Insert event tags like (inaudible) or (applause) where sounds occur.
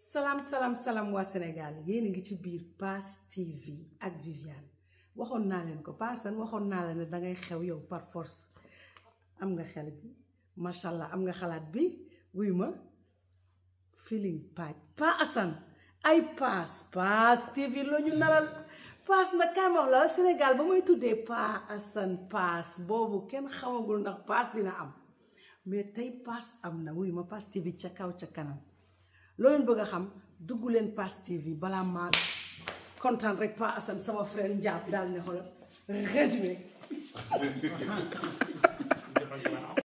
salaam salaam salaam waa Sénégal yéen ngi ci biir Pass TV ak vivian waxoon naa leen ko Paasan waxoon naa la ne dangay xew yow par force am nga xel bi macha allah am nga xalaat bi wuyu ma feeling paaj Paasan ay Pass Pass TV la ñu naral Pass nag kaay ma la Sénégal ba may tuddee Paasan paas boobu kenn xamagul ndax paas dina am mais tey Pass am na wuy ma Pass TV ca kaw ca kanam. loo leen bëgg a xam dugg leen Pass TV balaa maa kontaan rek Pa sama frère Ndiab daal ne xoolal résumé. (laughs)